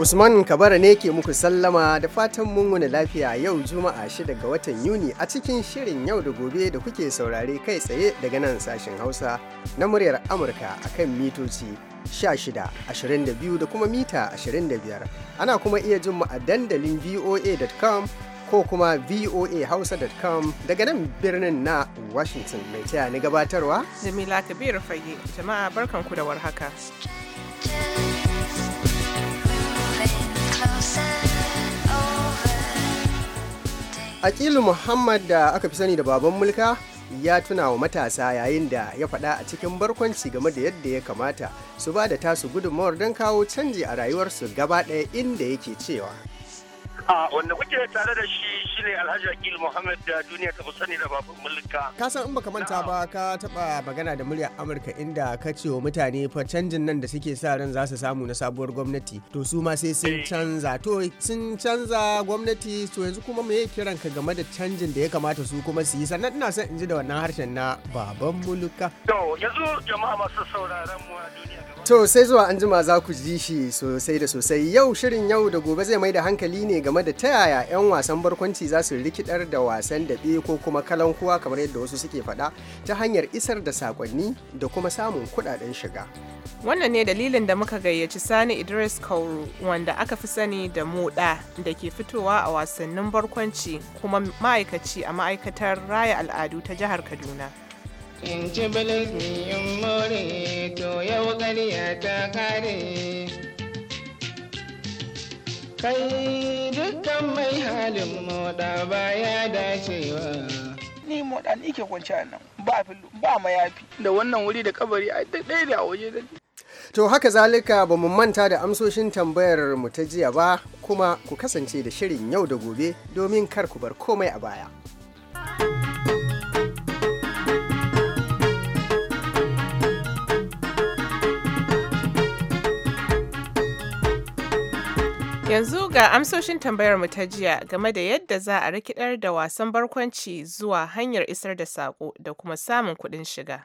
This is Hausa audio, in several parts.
Usman Kabara ne ke muku sallama da fatan mun wani lafiya yau Juma'a 6 ga watan Yuni a cikin shirin yau da gobe da kuke saurare kai tsaye daga nan sashen Hausa na muryar Amurka akan mitoci 16, 22 da kuma mita 25. Ana kuma iya jin mu a dandalin voa.com ko kuma voahausa.com daga nan birnin na Washington mai taya ni gabatarwa. Jamila Kabir Fage, jama'a barkanku da warhaka. haka. Akilu Muhammad da aka fi sani da baban mulka ya tuna wa matasa yayin da ya faɗa a cikin barkwanci game da yadda ya kamata su ba da tasu gudunmawar don kawo canji a rayuwarsu gaba ɗaya inda yake cewa. A wanda kuke tare da shi shine Alhaji Akil Muhammad da duniya ta sani da babu mulka. Ka san in baka manta ba ka taba magana da muryar Amurka inda ka ce wa mutane fa canjin nan da suke sa ran za su samu na sabuwar gwamnati to su ma sai sun eh. canza to sun canza gwamnati to yanzu kuma me kiran ka game da canjin da ya kamata su kuma su yi sannan ina son in ji da wannan harshen na baban mulka. To yanzu jama'a masu sauraron mu a duniya To sai zuwa an jima za ku ji shi sosai da sosai yau shirin yau da gobe zai mai da hankali ne game da ta yaya 'yan wasan barkwanci za su rikidar da wasan daɓe ko kuma kalankuwa kamar yadda wasu suke faɗa ta hanyar isar da sakonni da kuma samun kuɗaɗen shiga. Wannan ne dalilin da muka gayyaci Sani Idris Kauru wanda aka fi sani da moɗa da ke fitowa a wasannin barkwanci kuma ma'aikaci a ma'aikatar raya al'adu ta jihar Kaduna. in ci bilis ni in more to yau ƙarya ta kare kai dukkan mai halin moda ya dacewa ni moda ni ke kwanci a nan ba fillo ba mayafi da wannan wuri da kabari a duk ɗaya da waje da To haka zalika ba mu manta da amsoshin tambayar mu ta jiya ba kuma ku kasance da shirin yau da gobe domin kar ku bar komai a baya. Yanzu ga amsoshin tambayar mu ta jiya game da yadda za a rikidar da wasan barkwanci zuwa hanyar isar da sako da kuma samun kuɗin shiga.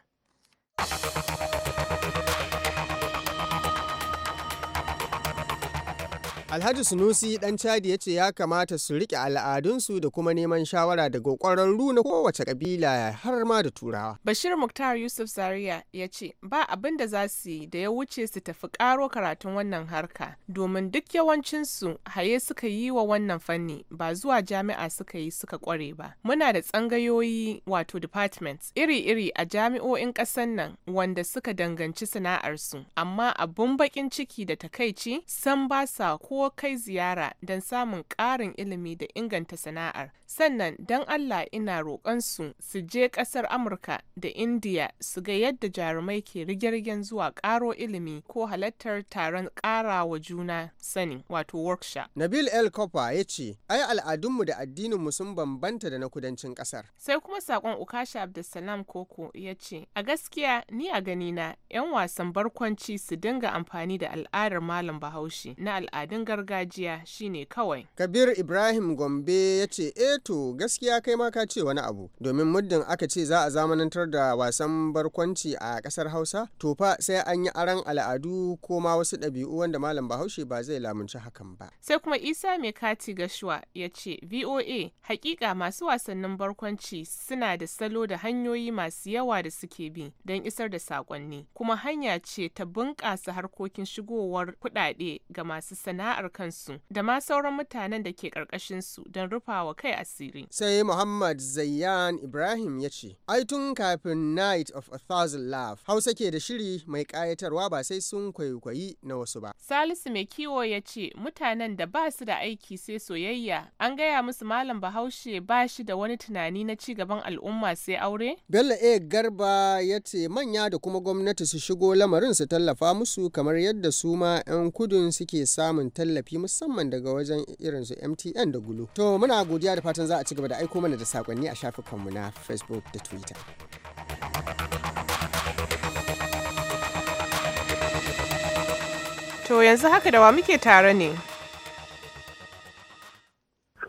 Alhaji Sunusi dan Chadi ya ce ya kamata su rike al'adunsu da kuma neman shawara daga ƙwararru na kowace ƙabila har ma da turawa. Bashir Muktar Yusuf Zaria ya ce ba abin da za su yi da ya wuce su tafi karo karatun wannan harka domin duk yawancinsu haye suka yi wa wannan fanni ba zuwa jami'a suka yi suka kware ba. Muna da tsangayoyi wato departments iri-iri a jami'o'in ƙasar nan wanda suka danganci sana'arsu amma abun bakin ciki da takaici san ba sa ko kawo kai ziyara don samun ƙarin ilimi da inganta sana'ar. Sannan don Allah ina roƙonsu su je ƙasar Amurka da Indiya su ga yadda jarumai ke rigirgen zuwa ƙaro ilimi ko halartar taron ƙarawa juna sani wato workshop. Nabil El Kofa ya ce, ai al'adunmu da addininmu sun bambanta da na kudancin ƙasar. Sai kuma saƙon Ukasha Abdulsalam Koko ya ce, a gaskiya ni a ganina 'yan wasan barkwanci su dinga amfani da al'adar Malam Bahaushe na al'adun gargajiya shine kawai. Kabir Ibrahim Gombe ya ce, "E to gaskiya kai ma ka ce wani abu, domin muddin aka ce za a zamanantar da wasan barkwanci a ƙasar Hausa, to fa sai an yi aran al'adu ko ma wasu ɗabi'u wanda Malam Bahaushe ba zai lamunci hakan ba." Sai kuma Isa mai kati gashuwa ya ce, "VOA, hakika masu wasannin barkwanci suna da salo da hanyoyi masu yawa da suke bi don isar da saƙonni, kuma hanya ce ta bunƙasa harkokin shigowar kuɗaɗe ga masu sana'ar sana'ar kansu da ma sauran mutanen da ke su don rufa wa kai asiri. Sai Muhammad Zayyan Ibrahim ya ce, Ai tun kafin Night of a Thousand Love, Hausa ke da shiri mai kayatarwa ba sai sun kwaikwayi na wasu ba. Salisu mai kiwo ya ce, mutanen da ba su da aiki sai soyayya, an gaya musu Malam Bahaushe ba shi da wani tunani na ci gaban al'umma sai aure? Bello A. Garba ya ce manya da kuma gwamnati su shigo lamarin su tallafa musu kamar yadda su ma 'yan kudun suke samun tallafi musamman daga wajen irin su MTN da Gulu. To muna godiya da fatan za a ci gaba da aiko mana da sakonni a shafukanmu na Facebook da Twitter. To yanzu haka da wa muke tare ne?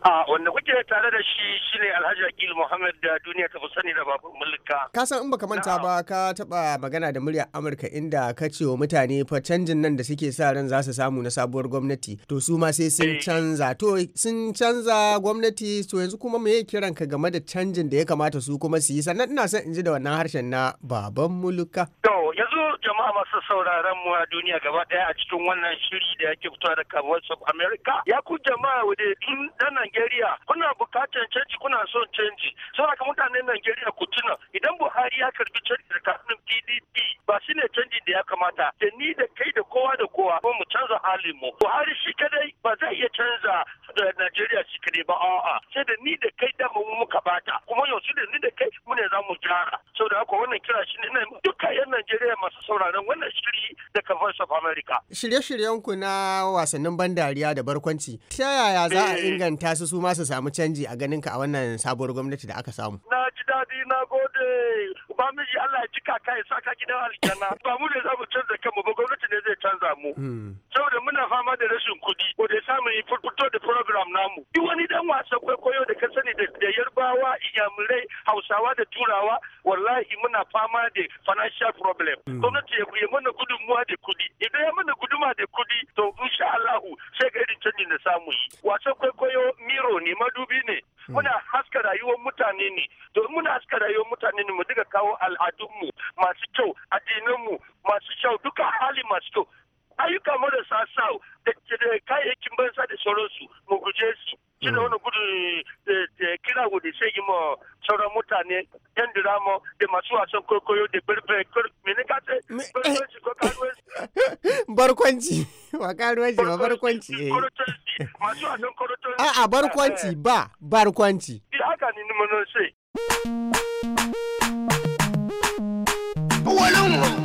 A wanda kuke tare da shi shine Alhaji Akil Muhammad da duniya ta fi sani da babu mulka. Ka san in baka manta ba ka taba magana da muryar Amurka inda ka ce wa mutane fa canjin nan da suke sa ran za su samu na sabuwar gwamnati to su ma sai sun eh. canza to sun canza gwamnati to yanzu kuma me kiran ka game da canjin da ya kamata su kuma su yi sannan ina son in ji da wannan harshen na baban mulka. To yanzu jama'a masu sauraron mu a duniya gaba daya a cikin wannan shiri da yake fitowa da Kabul of America ya ku jama'a wadai tun Najeriya kuna bukatar canji kuna son canji saboda mutanen Najeriya ku tuna idan Buhari ya karbi canji da PDP ba shi ne canjin da ya kamata da ni da kai da kowa da kowa ko mu canza halin mu Buhari shi kadai ba zai iya canza da Najeriya shi kadai ba a'a sai da ni da kai da mu muka bata kuma yanzu da ni da kai mu ne za mu Sau saboda haka wannan kira shi ne dukkan yan Najeriya masu sauraron wannan shiri daga Voice of America shirye-shiryen ku na wasannin ban dariya da barkwanci ta yaya za a eh. inganta su su ma su samu canji a ganin ka a wannan sabuwar gwamnati da aka samu na ji daɗi na gode ji Allah ya ji kaka ya saka gidan aljanna ba mu ne za mu canza kanmu ba gwamnati ne zai canza mu hmm. saboda muna fama da rashin kuɗi ko da samun fito da program namu duk wani dan wasan kwaikwayo da ka sani da yarbawa iyamurai hausawa da turawa wallahi muna fama da financial problem hmm. gwamnati ya mana gudunmuwa da kuɗi idan ya mana guduma da kuɗi to insha Allahu sai ga irin canjin da samu yi wasan kwaikwayo miro ne madubi ne Hmm. muna haska rayuwar mutane ne to muna haska rayuwar mutane ne mu diga kawo al'adunmu masu kyau addinanmu masu kyau duka hali masu kyau ayyuka marasa sa da kayayyakin banza da sauransu mu guje su shi mm. eh, eh, da wani gudun da kira gudu sai yi ma sauran mutane yan diramo da masu wasan kwaikwayo da birbe mene ka ce barkwanci ko karuwanci barkwanci ba karuwanci ba barkwanci eh. masu wasan kwaikwayo a barkwanci ba barkwanci haka ni mun sai mwana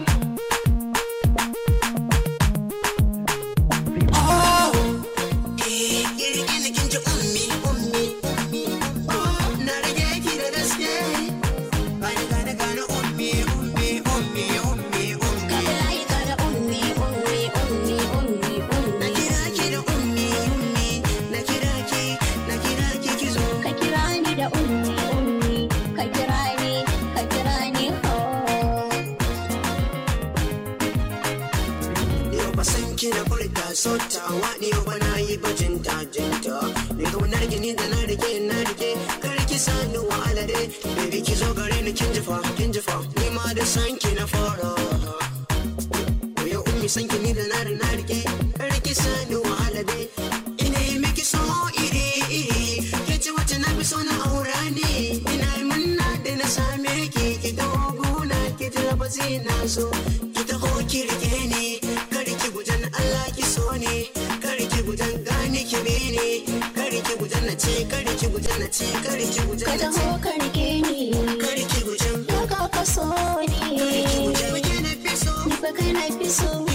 sota waɗi ba na yi bajin jinta ni kaunar gini da na rike na rike ki sani wa alade baby ki zo gare ni kin jifa kin jifa ni ma da sanki na fara ya ummi sanki ni da na rike na rike karki sani wa alade ina yi miki so iri iri ke ce wacce na fi so na aura ne ina yi munna da na same ki ki dogo na ki jira ba zina so ki taho ki rike ni ne kari ki gujen na ci kari ki gujen na ci kari ki gujen na ci ka taho ni kari ki gujen ka ka so ni kari ki ni ba kai na fi so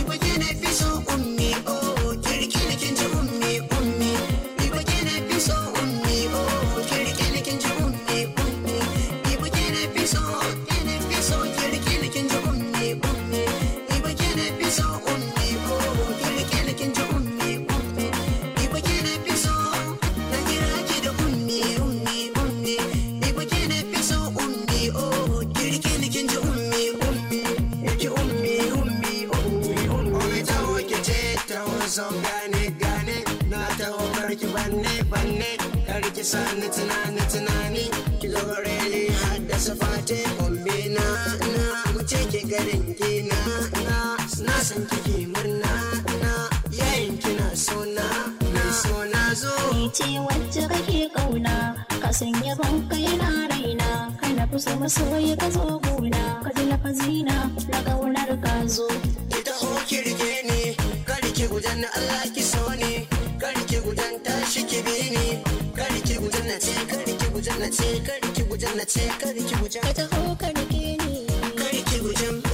kusa masoyi ka zo gona ka ji lafazina na ƙaunar ka zo. Ita ho ki rike ni, ka rike gudan Allah ki so ni, ka rike gudan tashi ki bi ni, ka rike gudan na ce, ka rike gudan na ce, ka rike gudan na ce, ka rike gudan. Ita ho ka rike ni. Ka rike gudan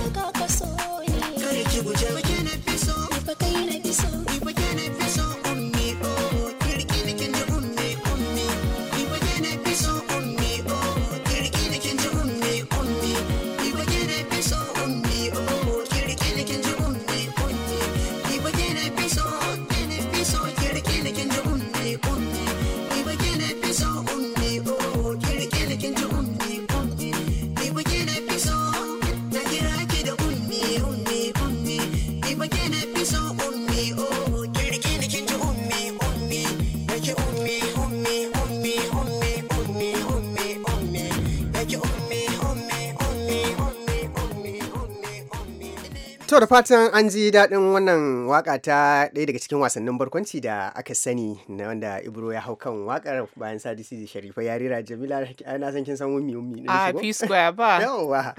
To da fatan an ji daɗin wannan waka ta ɗaya daga cikin wasannin barkwanci da aka sani na wanda Ibro ya hau kan wakar bayan Sadi Sidi Sharifa ya rira Jamila na san kin san wumi wumi A ah, P square ba. Yawwa.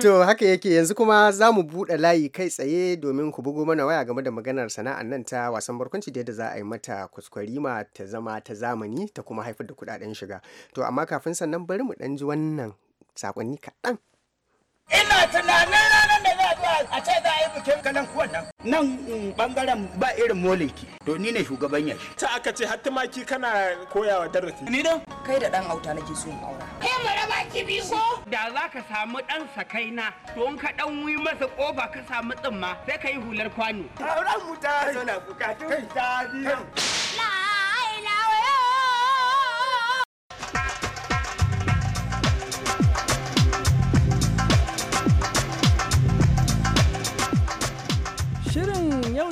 To haka yake yanzu kuma za mu buɗe layi kai tsaye domin ku bugo mana waya game da maganar sana'ar nan ta wasan barkwanci da yadda za a yi mata kuskwarima ta zama ta zamani ta kuma haifar da kuɗaɗen shiga. To amma kafin sannan bari mu ɗan ji wannan sakonni kaɗan. ina tunanin ranar da za a zuwa a ce za a yi bikin kalan kuwan nan nan mm, bangaren ba irin moleki to ni ne shugaban yashi ta aka ce hatta maki kana koyawa darasi ni dan kai da dan auta nake so mu aura kai mu raba ki biyu ko da za ka samu dan sakaina to in ka dan wi masa kofa ka samu tsumma sai ka yi hular kwano auren mu ta zo na bukatun ta biyu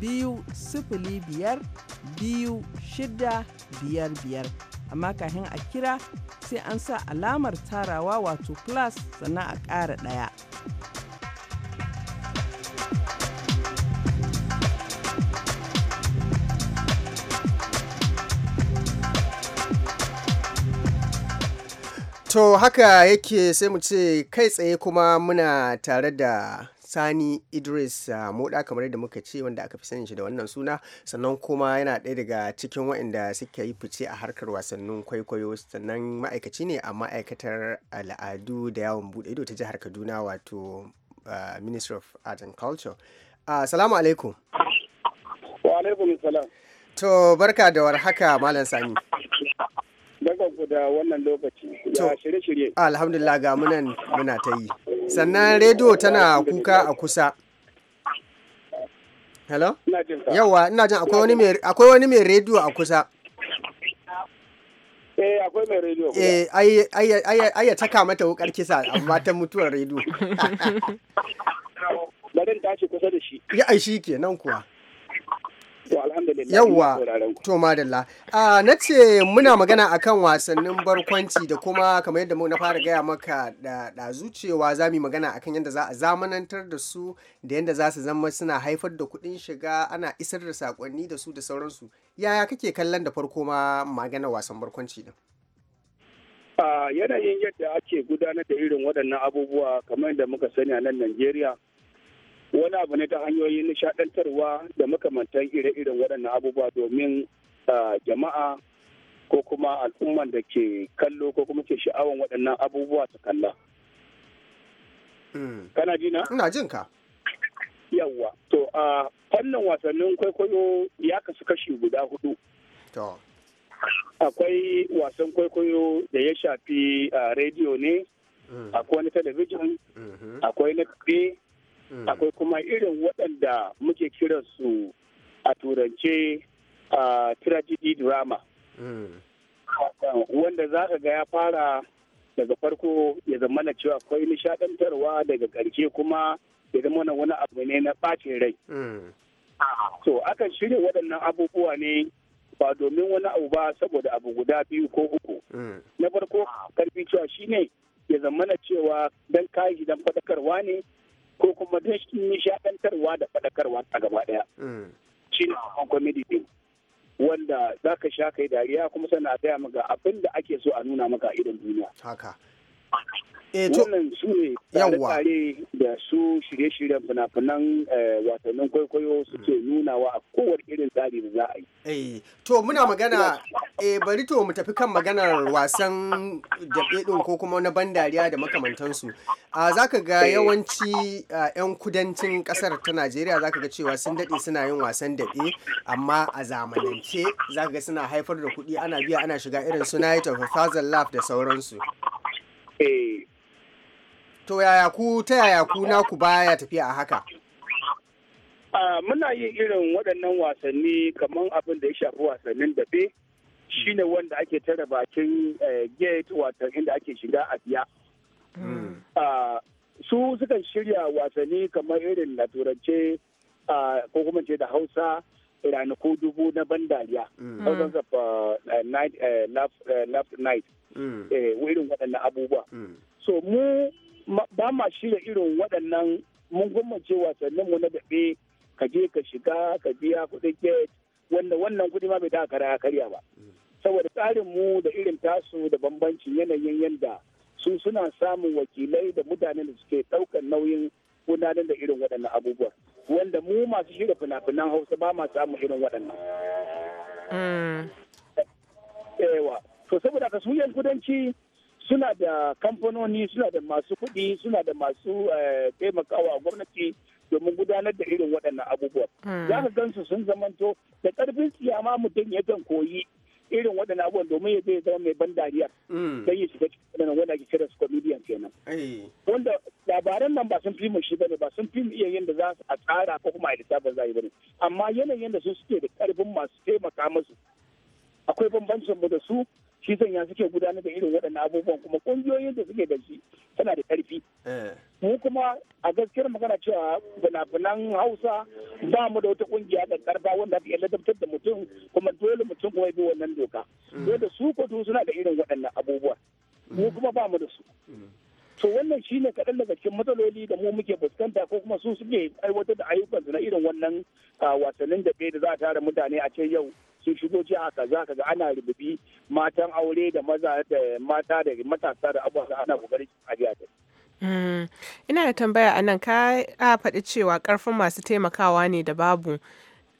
biyu sifili biyar biyu shida biyar biyar amma kafin a kira sai an sa alamar tarawa wato plus sannan a ƙara ɗaya. To haka yake sai mu ce kai tsaye kuma muna tare da Sani Idris Moda kamar yadda muka ce wanda aka fi sanin shi da wannan suna sannan kuma yana ɗaya daga cikin waɗanda suka yi fice a harkar wasannin kwaikwayo sannan ma'aikaci ne a ma'aikatar al'adu da yawon buɗe ido ta jihar Kaduna wato Ministry of Art and Culture. Assalamu alaikum. Wa alaikum salam. To barka da warhaka Malam Sani. Barka ku da wannan lokaci. Ya shirye-shirye. Alhamdulillah ga munan muna ta yi. sannan rediyo tana kuka a kusa hello yawa ina jin akwai wani mai rediyo a kusa Eh, akwai mai rediyo. Eh, ai taka mata kisa amma ta mutuwar rediyo. Barin tashi kusa da shi. Ya ai shi nan kuwa. Yawwa, to madalla. Uh, na ce muna magana a kan wasannin barkwanci da kuma kamar yadda na fara gaya maka da, da zucewa za mu magana a kan yadda za a zamanantar da su da yadda za su zama suna haifar da kuɗin shiga ana isar da sakonni da su da sauransu. Yaya kake kallon da farko ma magana wasan barkwanci din? Uh, yanayin yadda ake gudanar da irin waɗannan abubuwa kamar da muka sani a nan Najeriya. wani abu ne ta hanyoyin nishadantarwa da makamantan ire-iren waɗannan abubuwa domin jama'a ko kuma al'umman da ke kallo ko kuma ke sha'awan waɗannan abubuwa ta kalla. Hmm. Kana ji na? Ina jin ka. Yawwa. To, a fannin wasannin kwaikwayo ya kasu kashi guda hudu. To. Akwai wasan kwaikwayo da ya shafi rediyo ne, hmm. akwai na talabijin, hmm. akwai na Mm. akwai kuma irin waɗanda muke kiransu a turance a tragedy drama mm. wanda za ka ga ya fara daga farko ya zama na cewa akwai nishadantarwa daga ƙarshe kuma ya zama na wani abu ne na ɓacin rai so mm. akan shirya waɗannan abubuwa ne ba domin wani abu ba saboda abu guda biyu ko uku na farko karfi cewa shine ya zama na cewa dan kayi gidan faɗakarwa ne ko kuma shi nishaɗantarwa da faɗakarwa a gaba ɗaya. Mm. Shi ne comedy din wanda za ka sha kai dariya kuma sana a gaya maka abin da ake so a nuna maka a idon duniya. Haka. Eh, wannan su ne tsare da su shirye-shiryen fina-finan eh, watannin kwaikwayo suke nunawa a kowar irin tsari za a eh, to muna magana eh, bari to mu tafi kan maganar wasan jabe ɗin ko kuma na bandariya da makamantansu a za ka ga yawanci 'yan kudancin ƙasar ta najeriya za ka ga cewa sun daɗe suna yin wasan daɓe amma a zamanance za ka ga suna haifar da kuɗi ana biya ana shiga irin su night of a thousand da sauransu. Eh, to yaya ku ta yaya ku naku baya tafiya a haka muna yin irin waɗannan wasanni kamar abin da ya shafi wasannin shi shine wanda ake tare bakin eh, gate wasan inda ake shiga a biya hmm. su sukan shirya wasanni kamar irin na turance ko kuma ce da hausa ranaku dubu na ban dariya thousands hmm. of eh, night eh, hmm. irin waɗannan abubuwa so mu ba ma shirya irin waɗannan mun gwammace wasannin mu na daɓe ka je ka shiga ka biya kuɗin gate wanda wannan kuɗi ma bai da kara karya ba saboda tsarin mu da irin tasu da bambancin yanayin yanda su suna samun wakilai da mutanen da suke ɗaukar nauyin gudanar da irin waɗannan abubuwa wanda mu masu shirya fina-finan hausa ba ma samun irin waɗannan. ewa mm. to saboda ka suyan kudanci suna da kamfanoni suna da masu kuɗi suna da masu eh, taimakawa gwamnati domin gudanar da irin waɗannan abubuwa hmm. za ka gansu sun zamanto da ƙarfin siyama mutum kan koyi irin waɗannan abubuwan domin ya zai zama mai ban dariya hmm. don ya shiga cikin wanda ake kira su comedian kenan wanda labaran nan ba sun fi mu shi ne ba sun fi mu iya yadda za su a tsara ko kuma a lissafin zai ne. amma yanayin da su suke da ƙarfin masu taimaka musu akwai bambancin mu da su shi sanya suke gudanar da irin waɗannan abubuwan kuma ƙungiyoyin da suke da shi tana da ƙarfi. Eh. Mu kuma a gaskiyar magana cewa fina Hausa ba mu da wata ƙungiya da ƙarfa wanda ta ladabtar da mutum kuma dole mutum kuma bi wannan doka. Mm. Dole su kotu suna da irin waɗannan abubuwa. Mu mm. kuma ba mu da su. Mm. to wannan shi ne kaɗan daga cikin matsaloli da mu muke fuskanta ko kuma su suke aiwatar da ayyukansu na irin wannan ah, wasannin da da za a tara mutane a ce yau sun shigo jiha kaza kaza ana rububi matan aure da maza da mata da matasa da abubuwa ana kokarin a jiha ta mm. ina da tambaya a nan ka a faɗi cewa ƙarfin masu taimakawa ne da babu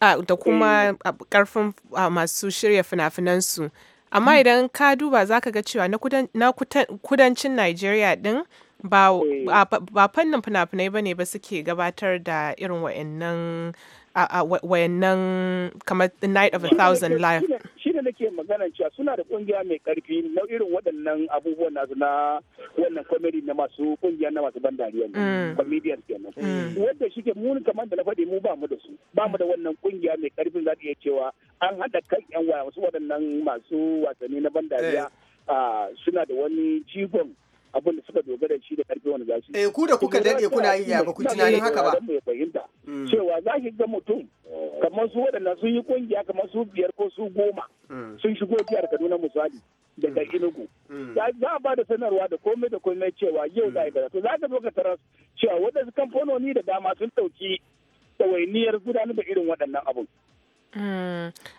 da kuma eh. ƙarfin masu shirya finafinansu amma mm. idan ka duba za ka ga cewa na kudancin nigeria din eh. ba fannin finafinai ba ne ba suke gabatar da irin wa'annan a wayannan kamar the night of a thousand life shi ne nake magana cewa suna da kungiya mai karfi na irin waɗannan abubuwan nasu na wannan comedy na masu kungiya na masu bandariya ne mm. comedians kenan mm. wanda shike mu kamar da na faɗi mu ba mu da su ba mu da wannan kungiya mai karfin za iya cewa an haɗa kan yan waya wasu waɗannan masu wasanni na bandariya eh. ah, suna da wani jigon abin da suka dogara shi da karfi wani za su eh ku da kuka dade kuna yi ya ba ku tunanin haka ba mu fahimta hmm. cewa za ki ga mutum kamar su waɗannan sun yi kungiya kamar su biyar ko su goma hmm. sun shigo jihar Kaduna misali daga hmm. Enugu za a ba da sanarwa da komai da komai cewa yau za a yi to za ka zo ka tara cewa waɗansu kamfanoni da dama sun ɗauki ɗawainiyar gudanar da irin waɗannan abun.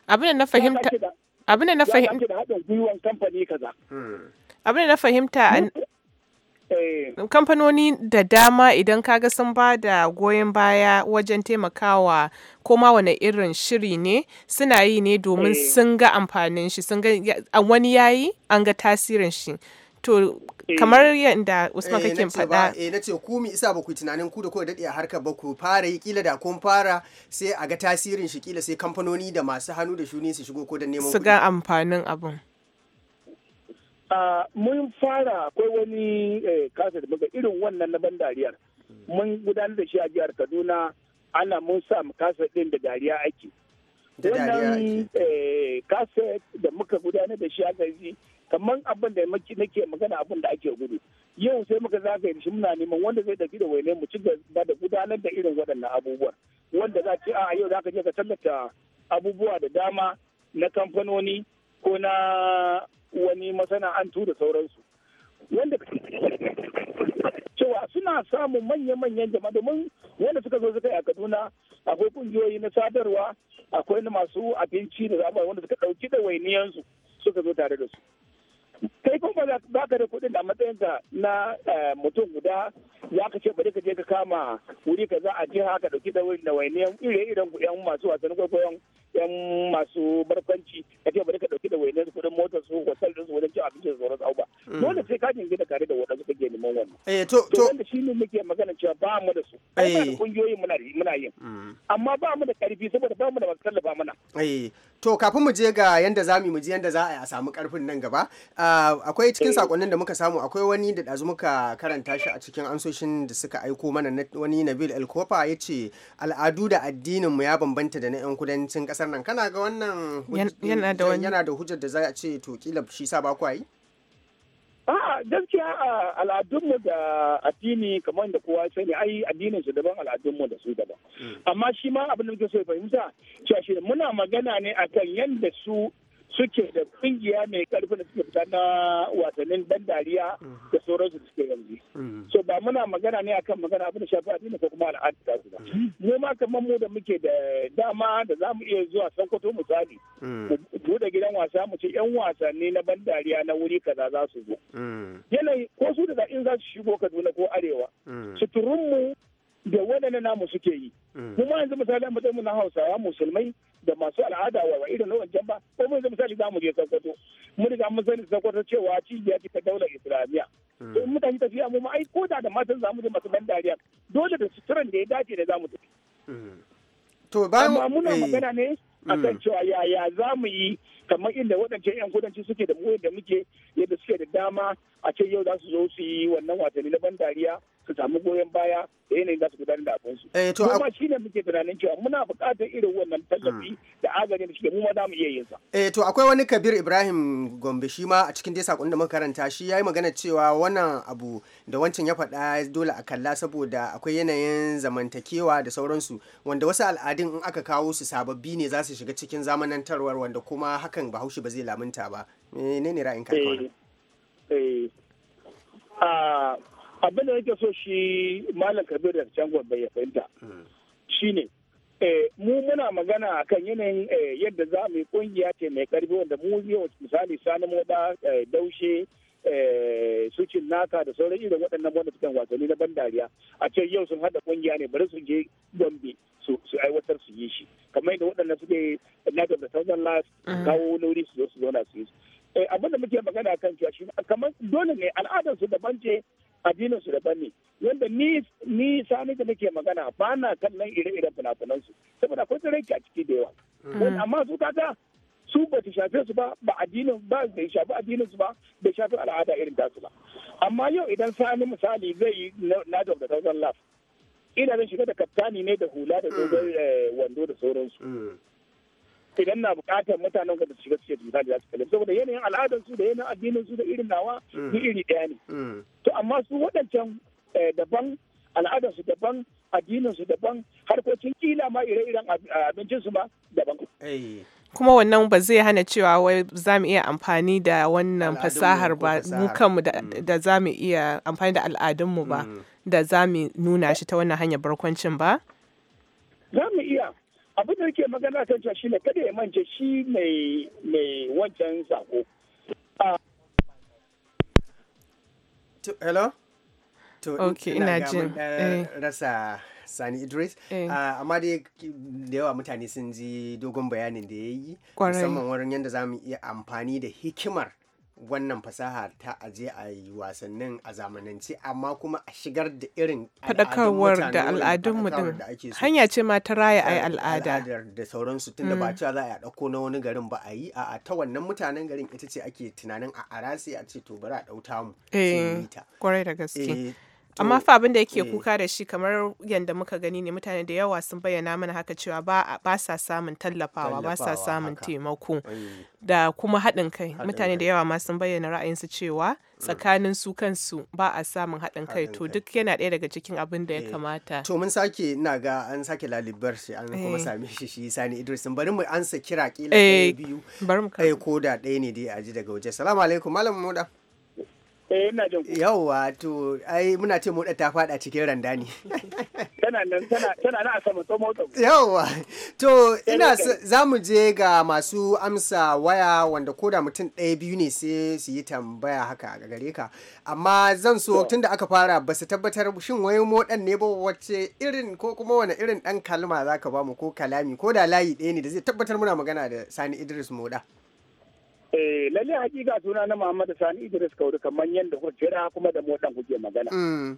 Abin da na fahimta. Abin da na fahimta. Abin da na fahimta. Eh. kamfanoni da dama idan kaga sun ba da goyon baya wajen taimakawa ko ma wani irin shiri ne suna yi ne domin eh. sun ga amfanin shi sun ga wani yayi an ga tasirin shi to eh. kamar yadda usman kake faɗa eh ce ku mi isa ba ku tunanin ku da ku daɗe a harkar ba ku fara yi kila da kun fara sai a ga tasirin shi kila sai kamfanoni da masu hannu da shuni su shigo ko da neman su ga amfanin abun mun fara akwai wani eh, kasa da muka irin wannan na ban dariyar mun gudanar da shi a jihar kaduna ana mun sa kasa din da dariya ake wannan eh, kasa da muka gudanar da shi a yi kamar abin da nake magana abin da ake gudu yau sai muka zagaye da shi muna neman wanda zai tafi da waine mu ci gaba da gudanar da irin waɗannan abubuwan wanda za ce a yau za ka je ka tallata abubuwa da dama na kamfanoni ko na wani masana'antu da sauransu wanda cewa suna samun manya-manyan jama'a domin wanda suka zo suka yi a kaduna akwai kungiyoyi na sadarwa akwai na masu abinci da zaɓa wanda suka ɗauki da wainiyansu suka zo tare da su kai kuma ba ka da kuɗin da matsayinka na eh, mutum guda ya ka ce bari ka je ka kama wuri ka za a jiha ka dauki da wainiyan ire-iren kuɗin masu wasan kwaikwayon yan masu barkwanci ka ce bari ka dauki da wainar kudin motar su hotel din su wajen cin abinci da sauran abubuwa hmm. dole sai ka jinjina tare da wadansu kake neman wannan eh to to wanda ne muke magana cewa ba mu da su eh kungiyoyi muna muna yin hmm. amma ba mu da karfi saboda ba mu da masu tallafa mana eh to kafin mu je ga yanda za mu je yanda za a samu karfin nan gaba ah, akwai cikin eh. sakonnin da muka samu akwai wani da dazu muka karanta shi a cikin ansoshin da suka aiko mana wani Nabil ya yace al'adu da addinin mu ya bambanta da na 'yan kudancin kasar hujjar nan kana ga wannan yana da yana da hujjar da za a ce to kila shi sa ba ku A'a gaskiya a al'adunmu da addini kamar da kowa sani ai addinin su daban al'adunmu da su daban. Hmm. Amma shi ma abin da muke so ya fahimta cewa shi muna magana ne akan yadda su suke da kungiya mai karfi da suke fita na wasannin dan dariya da sauransu da suke yanzu mm. so ba muna magana ne akan magana abin da shafi addini ko kuma al'adu ta su mm. mu ma kamar mu da muke da dama da za mu iya zuwa sokoto misali mm. mu da gidan wasa mu ce yan wasanni na ban dariya na wuri kaza za su zo yanayi ko su da in za su shigo kaduna ko arewa suturun mu da waɗannan namu suke yi kuma mm. yanzu misali a matsayin na hausawa musulmai da masu al'ada wa irin na wancan ba ko mun yanzu misali zamu je sokoto mun riga mun sani sokoto cewa cibiya ce ta daular islamiyya mm. to in mutane tafiya mu ma ai ko da da matan zamu je masu ban dariya dole da suturan da ya dace da zamu tafi mm. to bayan amma muna eh, magana ne akan cewa yaya za mu yi kamar inda waɗancan 'yan kudanci suke da mu da muke yadda suke da dama a ce yau za su zo su yi wannan wasanni na ban dariya su samu goyon baya yanayin za su gudanar da abin su kuma eh, shi ne muke tunanin cewa muna buƙatar irin wannan tallafi hmm. da agaji da suke mu ma mu iya yin sa eh to akwai wani Kabir Ibrahim Gombe shi ma a cikin dai sakon da muka karanta shi yayi magana cewa wannan abu da wancan ya faɗa dole a kalla saboda akwai yanayin zamantakewa da sauransu wanda wasu al'adun in aka kawo su sababbi ne za su shiga cikin zamanantarwar wanda kuma hakan bahaushe ba zai lamunta ba menene ra'ayin ka abin da nake so shi malam kabir da can gobe ya fahimta hmm. shine eh, mu muna magana akan yanayin eh, yadda za mu yi kungiya ce mai karfi wanda mu yau misali sani moda eh, daushe sucin naka da sauran irin waɗannan wanda wasanni na ban dariya a ce yau sun haɗa kungiya ne bari su je gombe su aiwatar su yi shi kamar yadda waɗannan suke na da sauran las kawo lauri su zo su zauna su yi abin da muke magana kan cewa shi kamar dole ne al'adar su daban ce addinin su daban ne yadda ni sani da nake magana ba na kallon ire-iren fina-finan su saboda akwai tsirrai a ciki da yawa mm. amma su kaga su ba ta shafe su ba ba addinin ba da shafi addinin su ba da shafi al'ada irin tasu ba amma yau idan sani misali zai yi na da zan love ina zan shiga da kaftani ne da hula da dogon mm. eh, wando da sauransu mm. idan na bukatar mutanen da su shiga cikin misali za su kalli saboda yanayin al'adar su da yanayin addinin su da irin nawa ni mm. iri daya ne mm. to amma su waɗancan eh, daban al'adar su daban addinin su daban harkokin kila ma ire-iren abincin su ma daban kuma wannan ba zai hana cewa wai za mu iya amfani da wannan fasahar ba mu kanmu mm. da za mu iya amfani da al'adunmu ba da za mu nuna shi ta wannan hanyar barkwancin ba? Za mu iya abin da yake magana kan cewa shine kada ya mance shi mai mai wancan sako ah. hello to okay ina jin eh. rasa sani idris eh. ah, amma dai da yawa mutane sun ji dogon bayanin da ya yi musamman wurin yadda za mu iya amfani da hikimar wannan fasaha ta aje a yi wasannin a zamanance amma kuma a shigar da irin faɗakarwar da al'adunmu din hanya ce ma ta raya a al'ada da sauransu tunda ba mm. cewa za a ɗauko na wani garin ba a yi a ta wannan mutanen garin ita ce ake tunanin a arasi a ce to bari a ɗauta mu kwarai eh, da eh, amma fa abin da yake eh. kuka da shi kamar yadda muka gani ne mutane da yawa sun bayyana mana haka cewa ba sa samun tallafawa ba sa samun taimako da kuma haɗin kai mutane da yawa ma sun bayyana ra'ayinsu cewa mm. tsakanin su kansu ba a samun haɗin kai to duk yana ɗaya daga cikin abin da ya eh. kamata to mun sake na ga an sake lalibar shi an kuma eh. same shi shi sani idris bari mu ansa kira kila biyu bari mu ko da ɗaya ne dai a ji daga waje salamu alaikum malam muda. Eh Yawwa to ai muna ce moda ta faɗa cikin randa ne. Tana to Yawwa eh, to ina za mu je ga masu amsa waya wanda koda mutum ɗaya biyu ne sai su yi tambaya haka ga gare ka. Amma zan so tun da aka fara ba su tabbatar shin wai modan ne ba wacce irin ko kuma wani irin dan kalma zaka ba mu ko kalami ko da layi ɗaya ne da zai tabbatar muna magana da Sani Idris Moda. Eh, lalle hakika suna na Muhammadu Sani Idris Kauri kamar yadda kuka kira kuma da motan kuke magana. Mm.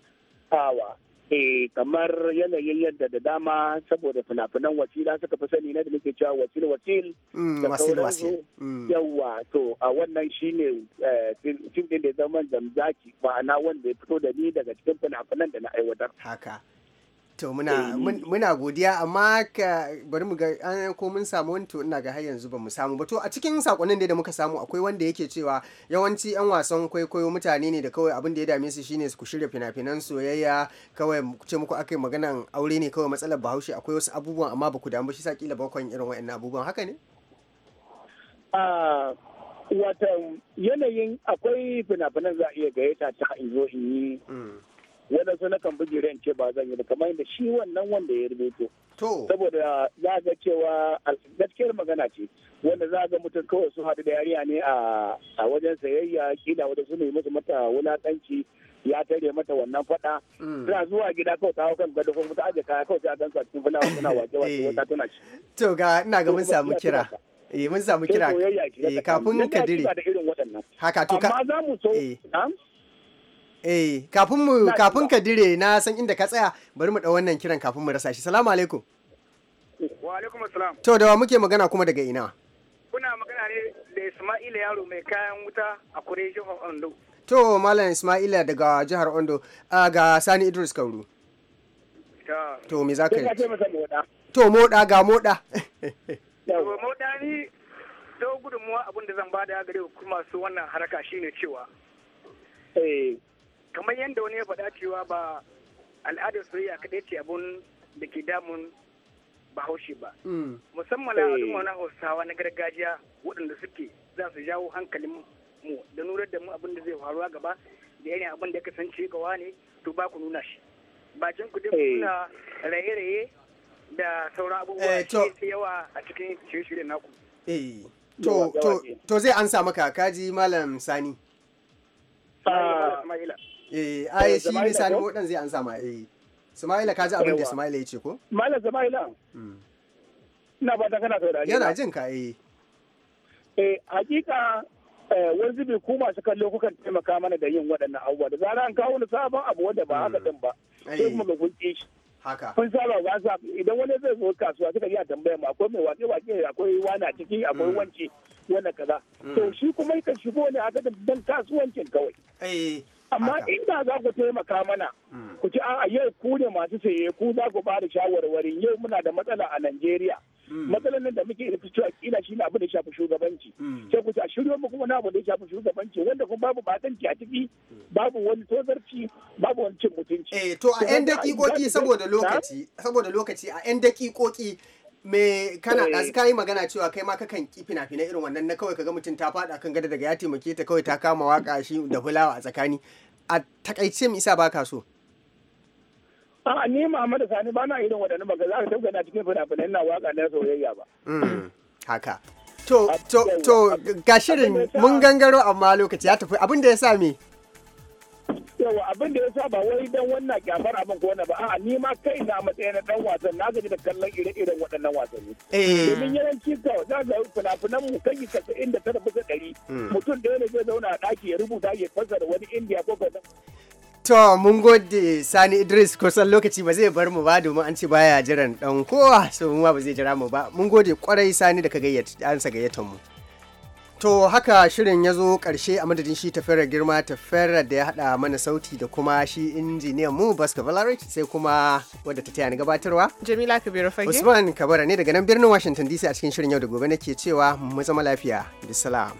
Awa. Eh, kamar yanayin yadda da dama saboda fina-finan wasila suka fi sani na da nake cewa wasil wasil mm, da sauransu mm. yawa to a wannan shine eh, fim din da zaman zamzaki ma'ana wanda ya fito da ni daga cikin fina-finan da na aiwatar haka to muna eh, muna godiya amma ka bari mu ga an ko mun samu wani to ina ga har yanzu ba mu samu ba to a cikin sakonnin da muka samu akwai wanda yake cewa yawanci yan wasan kwaikwayo mutane ne da kawai abin da ya dame su shine su shirya fina-finan soyayya kawai ce muku akai maganan aure ne kawai matsalar bahaushe akwai wasu abubuwan amma ba ku damu shi sa kila bakon irin wa'annan abubuwan haka ne ah, wata yanayin akwai fina-finan za a iya gayyata ta in zo in yi mm. wadansu na kan ran ce ba zan yi ba kamar yadda shi wannan wanda ya rubuto saboda za ga cewa gaskiyar magana ce wanda za ga mutum kawai su haɗu da yariya ne a wajen sayayya kila wanda su nemi su mata wulaƙanci ya tare mata wannan fada tana mm. zuwa gida kawai ta hau kan gado ko mutu aje kaya kawai ta a cikin fulawa suna wake wake eh. wata tuna ci to ga ina ga mun samu kira eh mun samu kira eh kafin ka dire haka to ka amma za mu so eh. Eh, kafin mu kafin ka dire na san inda ka tsaya bari mu da wannan kiran kafin mu rasa shi. Salamu alaikum. Wa alaikum assalam. To da wa muke magana kuma daga ina? Kuna magana ne da Isma'ila yaro mai kayan wuta a Kure jihar Ondo. To Malam Isma'ila daga jihar Ondo ga Sani Idris Kauru. To me za ka yi? To moda ga moda. To moda ni to gudunmuwa abin da zan bada gare ku masu wannan haraka shine cewa. Eh, kamar yadda wani ya faɗa cewa ba al'adar soyayya kaɗai ce abun da ke damun bahaushe ba mm. musamman eh. al'adun na hausawa na gargajiya waɗanda suke za su jawo hankalin mu da nurar da mu abin da zai faruwa gaba da yanayin abin da ya kasance gawa ne to ba ku nuna shi bakin ku dai kuna eh. raye-raye da sauran abubuwa eh, shi yawa a cikin shirye-shiryen naku to to zai ansa maka kaji malam sani ah. Eh, eh ai shi misali dan zai an sama eh Sumaila ka ji abin da Sumaila ya ce ko Malam Sumaila hmm. ina ba ta kana saurari yana jin ka eh eh hakika eh, wanzu bi kuma masu kallo kukan taimaka mana da yin waɗannan abubuwa da zara an kawo ni sabon abu wanda ba haka hmm. din ba sai kuma ga kun shi haka kun saba ba sa idan wani zai zo kasuwa suka iya tambaya ma akwai mai wake wake akwai wani a ciki akwai hmm. wanci wanda kaza to shi kuma yakan shigo ne haka dan kasuwancin kawai amma inda za ku taimaka mana hmm. ku ci a yau ku ne masu saye ku za ku ba da shawarwarin yau muna da matsala a Najeriya hmm. matsalan nan da muke da fitowa kila shi ne abu da ya shafi shugabanci hmm. sai ku ci a shiryo mu kuma na abu da ya shafi shugabanci wanda kuma babu batanci a ciki babu wani tozarci babu wani cin mutunci eh to a yan dakikoki saboda lokaci saboda lokaci a yan dakikoki me kana da eh. su kayi magana cewa kai ma kakan ki fina-finai irin wannan na kawai kaga mutum ta faɗa kan gada daga ya taimake ta kawai ta kama waka shi da fulawa a tsakani a takaice mu isa baka so a ni Muhammadu Sani ba na irin waɗannan ba za ka tabbata na cikin fina fina na waka na soyayya ba mm, haka to to to ga mun gangaro amma lokaci ya tafi abin da ya sa me yawa abin da ya sa ba wai dan wannan kyamar abin ko wani ba a'a ni ma kai na matsayin na dan wasan na gaji da kallon ire-iren waɗannan wasanni eh. domin yawanci ka za yi fina-finan mu kai casa'in da tara bisa ɗari hmm. mutum ɗaya ne zai zauna a ɗaki ya rubuta ya fassara wani indiya ko kwanan To mun gode Sani Idris kusan lokaci ba zai bar mu ba domin an ce baya jiran dan kowa so mu ba zai jira mu ba mun gode kwarai Sani da ka gayyata an sa gayyatan mu. To haka shirin ya zo karshe a madadin shi tafera girma tafera da ya haɗa mana sauti da kuma shi injiniyan mu Baska Valaric sai kuma wadda ta taya ni gabatarwa. Jamila Kabiru Fage. Usman Kabara ne daga nan birnin Washington DC a cikin shirin yau da gobe nake cewa mu zama lafiya. Bisalam.